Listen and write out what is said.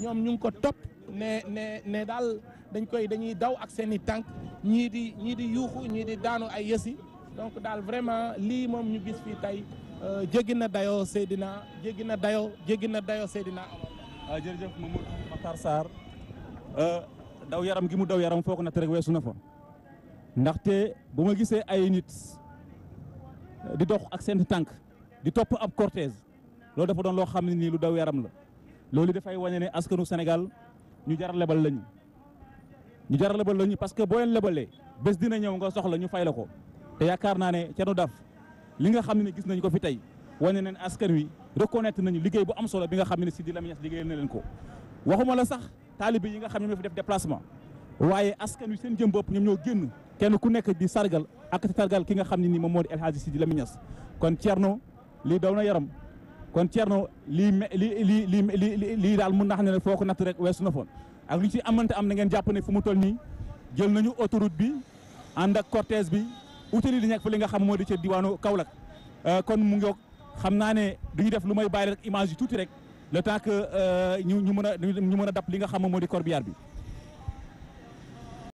ñoom ñu ngi ko topp ne ne ne daal dañ koy dañuy daw ak seen i tànk ñii di ñii di yuuxu ñii di daanu ay yësi donc daal vraiment lii moom ñu gis fii tey euh, jéggi na dayoo Seydina jéggi na dayoo jéggi na dayoo Seydina Omar. Ah, jërëjëf Mamadou Matar euh, daw yaram gi mu daw yaram foog na te weesu na fa ndaxte bu ma gisee ay nit di dox ak seen tànk di topp ab cortège loolu dafa doon loo xam ne nii lu daw yaram la. loolu dafay wane ne askanu Sénégal ñu jar lebal lañu ñu jar lebal lañu parce que boo leen lebalee bés dina ñëw nga soxla ñu fay la ko te yaakaar naa ne Thierno Daf li nga xam ne gis nañ ko fi tey wane neen askan wi reconnaître nañu liggéey bu am solo bi nga xam ne Sidi Lamine Niass liggéeyal na leen ko waxuma la sax taalibe yi nga xam ne ñoo fi def déplacement waaye askan wi seen jëm bopp ñoo génn kenn ku nekk di sargal ak sargal ki nga xam ne ni moom moo di El di la Lamine Niass kon no lii daw na yaram kon Thierno lii li li li lii daal mun naa xam ne foo ko natt rek weesu na foon ak lu ci amante am na ngeen jàpp ne fu mu toll nii jël nañu autoroute bi ànd ak cortège bi utali di nekk fa li nga xam moo di ca diwaanu Kaolack euh, kon mu ngi xam naa ne du ñu def lu may bàyyi rek image yi tuuti rek le temps que euh, ñu ñu mën a ñu mën a dab li nga xam moo di corbillard bi.